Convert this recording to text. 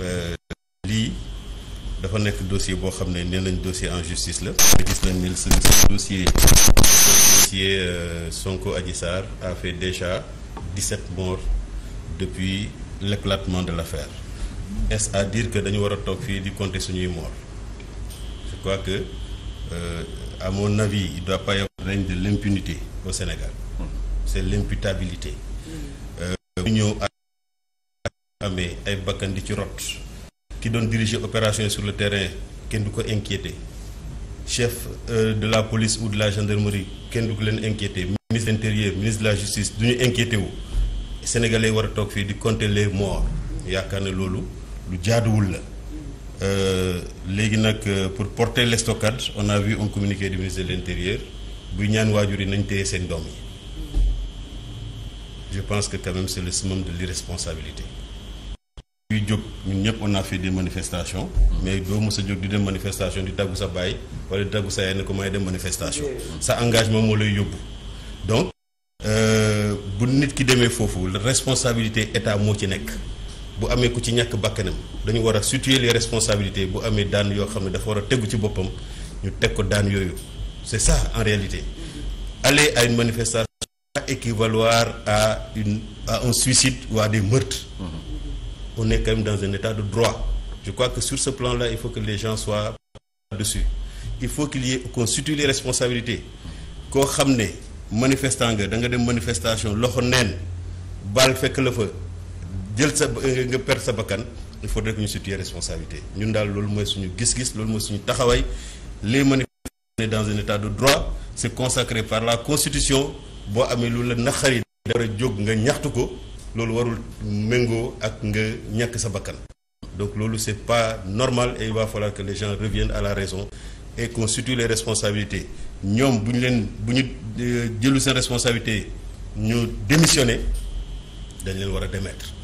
Euh, lii dafa nekk dossier boo xam ne ne nañ dossier en justice la gis nañ ne ce dossier dossier euh, Sonko Adji Sarr a fait déjà 17 morts depuis l'éclatement de l'affaire est-ce à dire que dañu war a toog fii di compter suñuy morts je crois que euh, à mon avis il doit pas de l'impunité au Sénégal hmm. c'est l'imputabilité hmm. amee ay bakkan di ci rot ki doon diriger opération sur le terrain kenn du ko inquiété chef euh, de la police ou de la gendarmerie kenn du ko leen inquiété ministre de l'intérieur ministre de la justice du ñu inquiété wu sénégalais war a toog fii di compter les morts yaakaar ne loolu lu jaaduwul la euh, léegi nag euh, pour porter l'estocade on a vu un communiqué du ministre de l'intérieur buy ñaan waajur yi nañ téye seen doom yi je pense que quand même c'est le summum de l'irresponsabilité jóg ñun ñëpp on a fait des manifestations. mais doo mës a jóg di dem manifestation di tàggu sa baay wala di tàggu sa yaay ne ko may dem manifestation. sa engagement moo lay yóbbu. donc euh, bu nit ki demee foofu la responsabilité état moo ci nekk bu amee ko ci ñàkk bakkanam dañu war a situer responsabilité bu amee daan yoo xam ne dafa war a tegu ci boppam ñu teg ko daan yooyu c'est ça en réalité. Mm-hmm. aller à une manifestation. équivaloir à une suicide ou à des on nekk quand même dans un état de droit. Je crois que sur ce plan-là, il faut que les gens soient dessus. Il faut qu'il y ait qu'on situe les responsabilités. koo xam ne manifestant nga da nga dem manifestation loxo neen bal fekk la fa jël sa nga perdre sa bakkan il faut rek ñu situer responsabilité ñun daal loolu mooy suñu gis-gis loolu mooy suñu taxawaay les manifestants dans un état du droit c'est consacré par la constitution boo amee lu la naqari dara jóg nga ñaxtu ko loolu warul méngoo ak nga ñàkk sa bakkan donc loolu c'est pas normal et il va falloir que à la raison et qu'on situe les responsabilités ñoom bu ñu leen bu ñu euh, jëlu seen responsabilité ñu démissionner dañ leen war a démettre